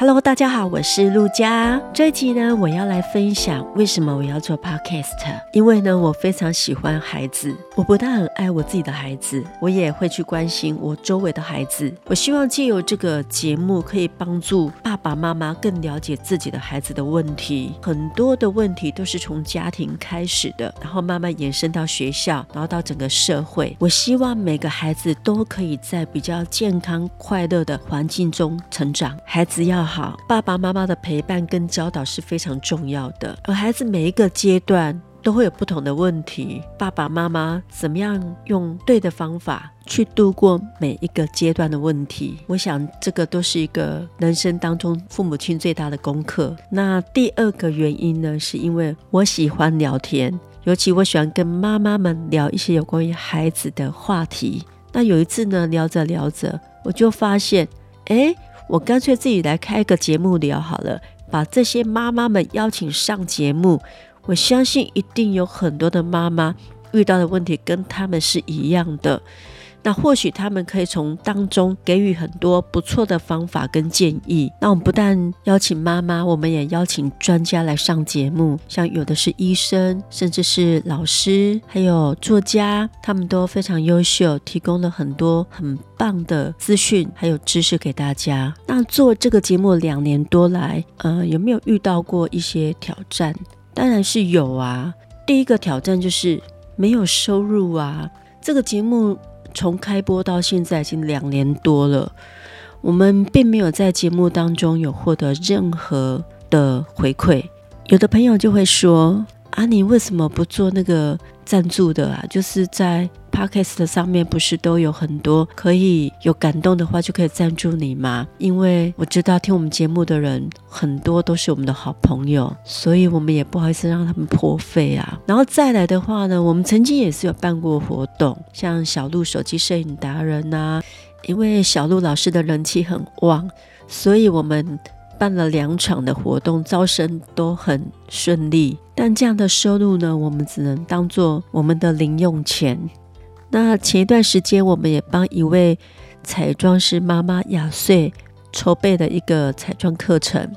Hello，大家好，我是路加。這一集呢，我要來分享為什麼我要做 Podcast。因為呢，我非常喜歡孩子，我不但很愛我自己的孩子，我也會去關心我周圍的孩子。我希望借由這個節目，可以幫助爸爸媽媽更了解自己的孩子的問題。很多的問題都是從家庭開始的，然後慢慢延伸到學校，然後到整個社會。我希望每個孩子都可以在比較健康、快樂的環境中成長。孩子要。好，爸爸媽媽的陪伴跟教導是非常重要的。而孩子每一個階段都會有不同的問題，爸爸媽媽怎麼樣用對的方法去度過每一個階段的問題？我想這個都是一個人生當中父母親最大的功課。那第二個原因呢，是因為我喜歡聊天，尤其我喜歡跟媽媽們聊一些有關於孩子的話題。那有一次呢，聊着聊着，我就發現，哎。我乾脆自己來開一個節目聊好了，把這些媽媽們邀請上節目，我相信一定有很多的媽媽遇到的問題跟他們是一樣的。那或許他們可以從當中給予很多不錯的方法跟建議。那我們不但邀請媽媽，我們也邀請專家來上節目，像有的是醫生，甚至是老師，還有作家，他們都非常優秀，提供了很多很棒的資訊還有知識給大家。那做這個節目兩年多來，呃，有沒有遇到過一些挑戰？當然是有啊。第一個挑戰就是沒有收入啊，這個節目。從開播到現在已經兩年多了，我們並沒有在節目當中有獲得任何的回饋。有的朋友就會說。阿、啊、你為什麼不做那個贊助的啊？就是在 Podcast 的上面，不是都有很多可以有感動的話，就可以贊助你嗎？因為我知道聽我們節目的人很多都是我們的好朋友，所以我們也不好意思讓他們破費啊。然後再來的話呢，我們曾經也是有辦過活動，像小鹿手機攝影達人啊，因為小鹿老師的人氣很旺，所以我們辦了兩場的活動，招生都很順利。但這樣的收入呢，我們只能當做我們的零用錢。那前一段時間，我們也幫一位彩妝師媽媽雅碎籌備了一個彩妝課程，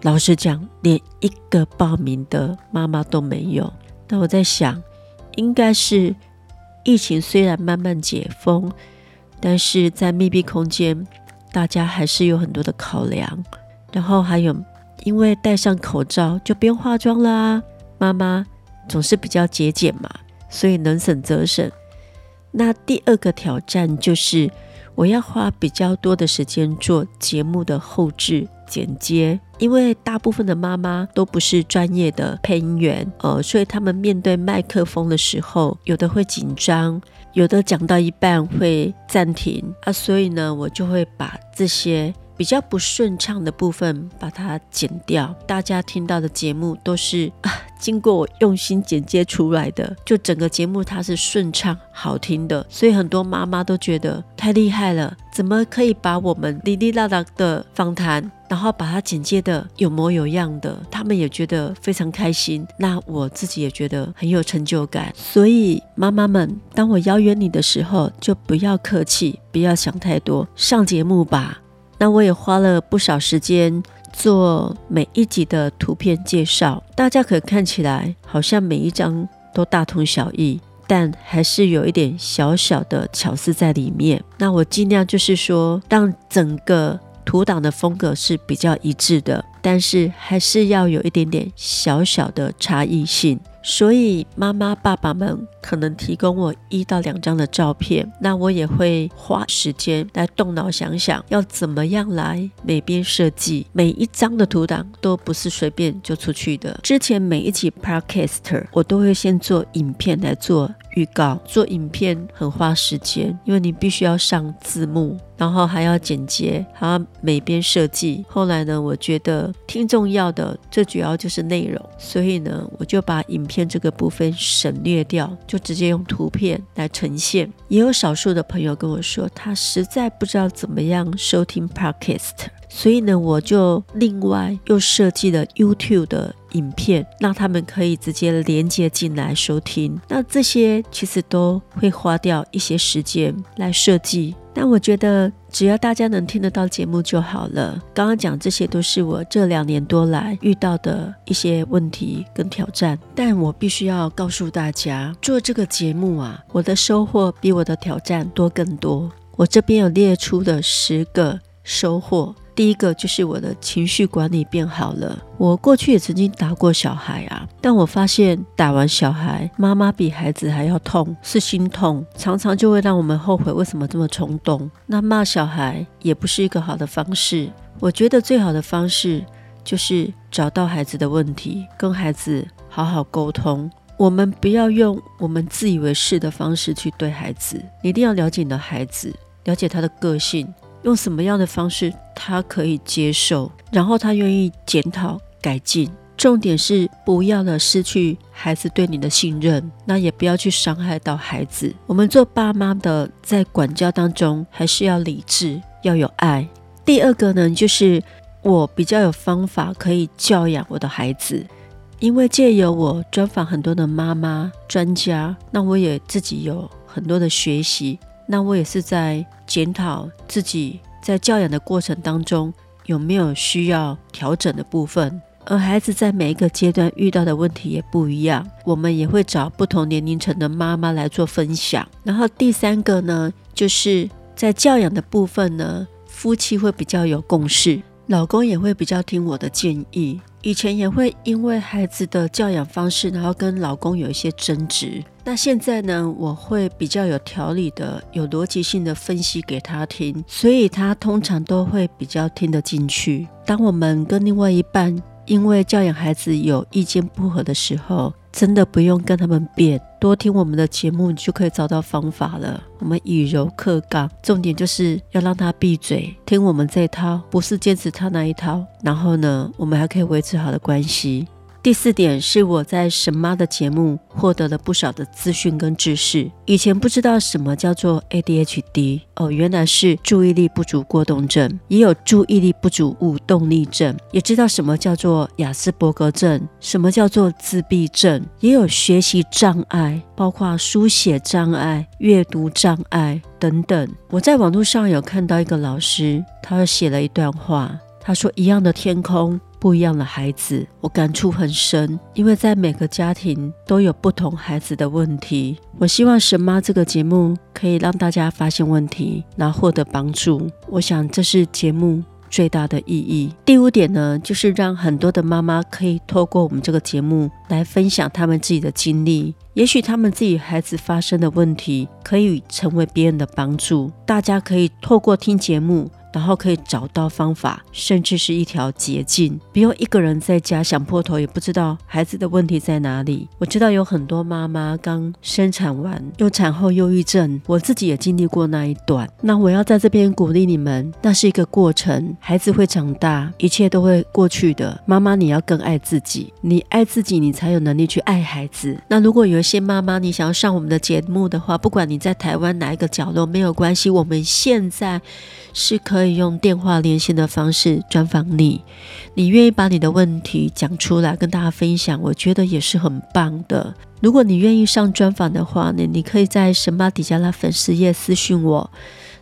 老實講，連一個報名的媽媽都沒有。那我在想，應該是疫情雖然慢慢解封，但是在密閉空間，大家還是有很多的考量，然後還有。因為戴上口罩就不用化妝了啊！媽媽總是比較節儉嘛，所以能省則省。那第二個挑戰就是，我要花比較多的時間做節目的後製剪接，因為大部分的媽媽都不是專業的配音員，呃，所以她們面對麥克風的時候，有的會緊張，有的講到一半會暫停啊，所以呢，我就會把這些。比較不順暢的部分，把它剪掉。大家聽到的節目都是啊，經過我用心剪接出來的，就整個節目它是順暢、好聽的。所以很多媽媽都覺得太厲害了，怎麼可以把我們哩哩啦啦的訪談，然後把它剪接得有模有樣的？他們也覺得非常開心。那我自己也覺得很有成就感。所以媽媽們，當我邀約你的時候，就不要客氣，不要想太多，上節目吧。那我也花了不少時間做每一集的圖片介紹，大家可以看起來好像每一張都大同小異，但還是有一點小小的巧思在裡面。那我盡量就是說，讓整個圖檔的風格是比較一致的，但是還是要有一點點小小的差異性。所以，媽媽、爸爸們可能提供我一到兩張的照片，那我也會花時間來動腦想想要怎麼樣來每邊設計，每一張的圖檔都不是隨便就出去的。之前每一集 Podcast，我都會先做影片來做。預告，做影片很花時間，因為你必須要上字幕，然後還要剪接，還要美編設計。後來呢，我覺得聽眾要的，最主要就是內容，所以呢，我就把影片這個部分省略掉，就直接用圖片來呈現。也有少數的朋友跟我說，他實在不知道怎麼樣收聽 Podcast。所以呢，我就另外又設計了 YouTube 的影片，讓他們可以直接連接進來收聽。那這些其實都會花掉一些時間來設計。但我覺得只要大家能聽得到節目就好了。剛剛講這些都是我這兩年多來遇到的一些問題跟挑戰。但我必須要告訴大家，做這個節目啊，我的收穫比我的挑戰多更多。我這邊有列出的十個收穫。第一個就是我的情緒管理變好了。我過去也曾經打過小孩啊，但我發現打完小孩，媽媽比孩子還要痛，是心痛，常常就會讓我們後悔為什麼這麼衝動。那罵小孩也不是一個好的方式。我覺得最好的方式就是找到孩子的問題，跟孩子好好溝通。我們不要用我們自以為是的方式去對孩子，你一定要了解你的孩子，了解他的個性。用什麼樣的方式，他可以接受，然後他願意檢討改進。重點是不要了失去孩子對你的信任，那也不要去傷害到孩子。我們做爸媽的，在管教當中，還是要理智，要有愛。第二個呢，就是我比較有方法可以教養我的孩子，因為借由我專訪很多的媽媽專家，那我也自己有很多的學習。那我也是在檢討自己在教養的過程當中有沒有需要調整的部分，而孩子在每一個階段遇到的問題也不一樣，我們也會找不同年齡層的媽媽來做分享。然後第三個呢，就是在教養的部分呢，夫妻會比較有共識，老公也會比較聽我的建議。以前也會因為孩子的教養方式，然後跟老公有一些爭執。那現在呢，我會比較有條理的、有邏輯性的分析給他聽，所以他通常都會比較聽得進去。當我們跟另外一半因為教養孩子有意見不合的時候，真的不用跟他們辯，多聽我們的節目，你就可以找到方法了。我們以柔克剛，重點就是要讓他閉嘴，聽我們這一套，不是堅持他那一套，然後呢，我們還可以維持好的關係。第四點是我在神媽的節目獲得了不少的資訊跟知識。以前不知道什麼叫做 ADHD 哦，原來是注意力不足過動症，也有注意力不足無動力症。也知道什麼叫做亞斯伯格症，什麼叫做自閉症，也有學習障礙，包括書寫障礙、閱讀障礙等等。我在網絡上有看到一個老師，他寫了一段話，他說：“一樣的天空。”不一樣的孩子，我感觸很深，因為在每個家庭都有不同孩子的問題。我希望神媽這個節目可以讓大家發現問題，然後獲得幫助。我想這是節目最大的意義。第五點呢，就是讓很多的媽媽可以透過我們這個節目來分享他們自己的經歷，也許他們自己孩子發生的問題可以成為別人的幫助。大家可以透過聽節目。然後可以找到方法，甚至是一條捷徑，不用一個人在家想破頭，也不知道孩子的問題在哪裡。我知道有很多媽媽剛生產完有產後憂鬱症，我自己也經歷過那一段。那我要在這邊鼓勵你們，那是一個過程，孩子會長大，一切都會過去的。媽媽，你要更愛自己，你愛自己，你才有能力去愛孩子。那如果有一些媽媽你想要上我們的節目的話，不管你在台灣哪一個角落沒有關係，我們現在是可以可以用電話連線的方式專訪你，你願意把你的問題講出來跟大家分享，我覺得也是很棒的。如果你願意上專訪的話呢，你可以在神馬底下的粉絲頁私訊我，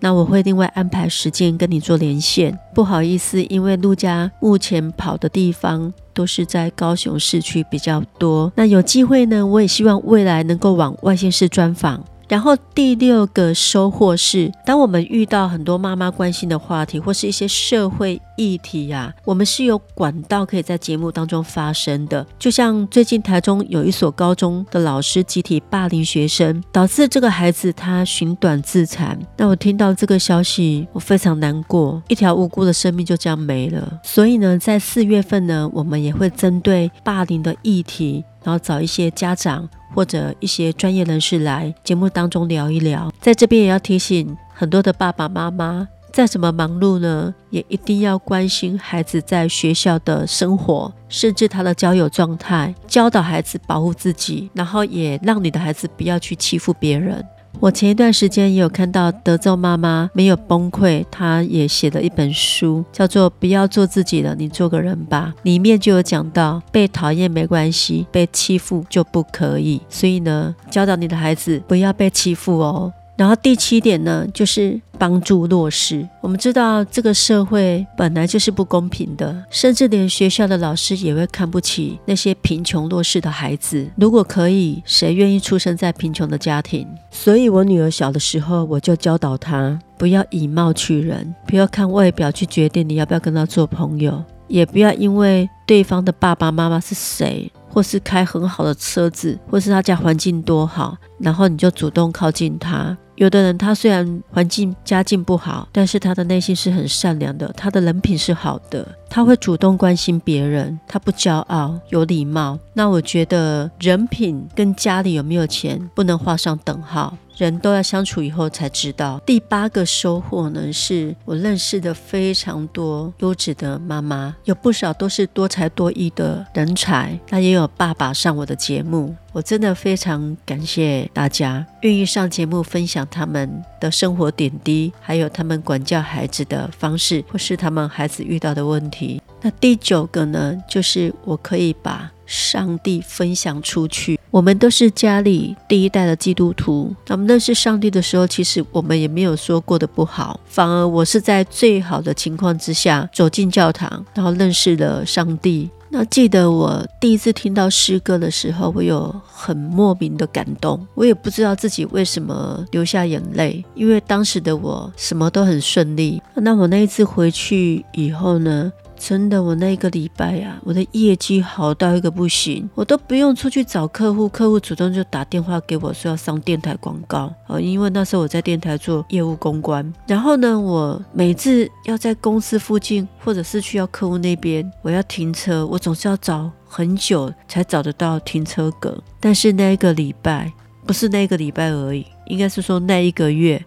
那我會另外安排時間跟你做連線。不好意思，因為路加目前跑的地方都是在高雄市區比較多，那有機會呢，我也希望未來能夠往外縣市專訪。然後第六個收穫是，當我們遇到很多媽媽關心的話題，或是一些社會議題啊，我們是有管道可以在節目當中發聲的。就像最近台中有一所高中的老師集體霸凌學生，導致這個孩子他尋短自殘。那我聽到這個消息，我非常難過，一條無辜的生命就這樣沒了。所以呢，在四月份呢，我們也會針對霸凌的議題，然後找一些家長或者一些專業人士來節目當中聊一聊。在這邊也要提醒很多的爸爸媽媽，再怎麼忙碌呢，也一定要關心孩子在學校的生活，甚至他的交友狀態，教導孩子保護自己，然後也讓你的孩子不要去欺負別人。我前一段時間也有看到德州媽媽沒有崩潰，她也寫了一本書，叫做《不要做自己了，你做個人吧》。裡面就有講到，被討厭沒關係，被欺負就不可以。所以呢，教導你的孩子不要被欺負哦。然後第七點呢，就是幫助弱勢。我們知道這個社會本來就是不公平的，甚至連學校的老師也會看不起那些貧窮弱勢的孩子。如果可以，誰願意出生在貧窮的家庭？所以，我女兒小的時候，我就教導她不要以貌取人，不要看外表去決定你要不要跟他做朋友，也不要因為對方的爸爸媽媽是誰，或是開很好的車子，或是他家環境多好，然後你就主動靠近他。有的人，他雖然環境家境不好，但是他的內心是很善良的，他的人品是好的。他會主動關心別人，他不驕傲，有禮貌。那我覺得人品跟家裡有沒有錢不能畫上等號，人都要相處以後才知道。第八個收穫呢，是我認識的非常多優質的媽媽，有不少都是多才多藝的人才，那也有爸爸上我的節目，我真的非常感謝大家願意上節目分享他們的生活點滴，還有他們管教孩子的方式，或是他們孩子遇到的問題。那第九個呢，就是我可以把上帝分享出去，我們都是家裡第一代的基督徒。那麼認識上帝的時候，其實我們也沒有說過得不好，反而我是在最好的情況之下走進教堂，然後認識了上帝。那記得我第一次聽到詩歌的時候，我有很莫名的感動，我也不知道自己為什麼流下眼淚，因為當時的我什麼都很順利。那我那一次回去以後呢，真的，我那一個禮拜呀、啊，我的業績好到一個不行，我都不用出去找客戶，客戶主動就打電話給我說要上電台廣告啊、哦，因為那時候我在電台做業務公關。然後呢，我每次要在公司附近或者是去要客戶那邊，我要停車，我總是要找很久才找得到停車格。但是那一個禮拜，不是那一個禮拜而已，應該是說那一個月。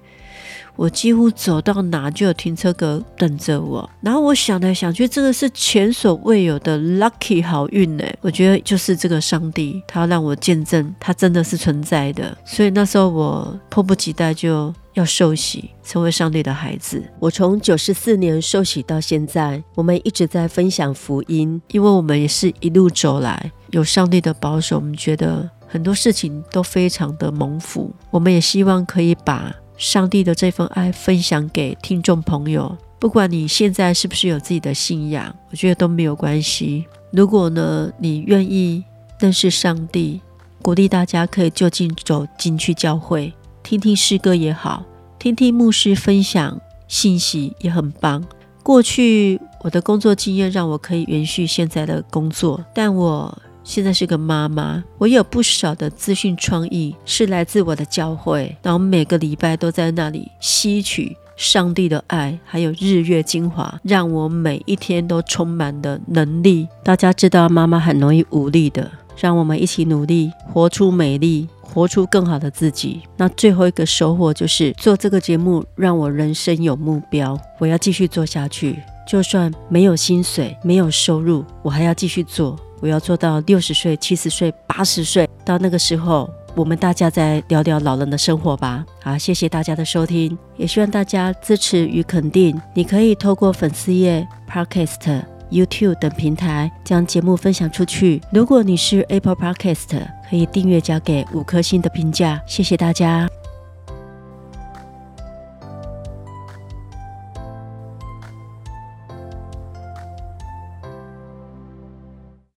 我幾乎走到哪就有停車格等着我。然後我想來想去，這個是前所未有的 lucky 好運誒、欸，我覺得就是這個上帝，他要讓我見證，他真的是存在的。所以那時候我迫不及待就要受洗，成為上帝的孩子。我從九十四年受洗到現在，我們一直在分享福音，因為我們也是一路走來，有上帝的保守，我們覺得很多事情，都非常的蒙福。我們也希望可以把上帝的這份愛分享給聽眾朋友，不管你現在是不是有自己的信仰，我覺得都沒有關係。如果呢，你願意認識上帝，鼓勵大家可以就近走進去教會，聽聽詩歌也好，聽聽牧師分享信息也很棒。過去我的工作經驗讓我可以延續現在的工作，但我。現在是個媽媽，我也有不少的資訊創意是來自我的教會，然後每個禮拜都在那裡吸取上帝的愛，還有日月精華，讓我每一天都充滿了能力。大家知道媽媽很容易無力的，讓我們一起努力，活出美麗，活出更好的自己。那最後一個收穫就是做這個節目，讓我人生有目標，我要繼續做下去，就算沒有薪水，沒有收入，我還要繼續做。我要做到六十歲、七十歲、八十歲，到那個時候，我們大家再聊聊老人的生活吧。好，謝謝大家的收聽，也希望大家支持與肯定。你可以透過粉絲頁、Podcast、YouTube 等平台將節目分享出去。如果你是 Apple Podcast，可以訂閱加給五顆星的評價。謝謝大家。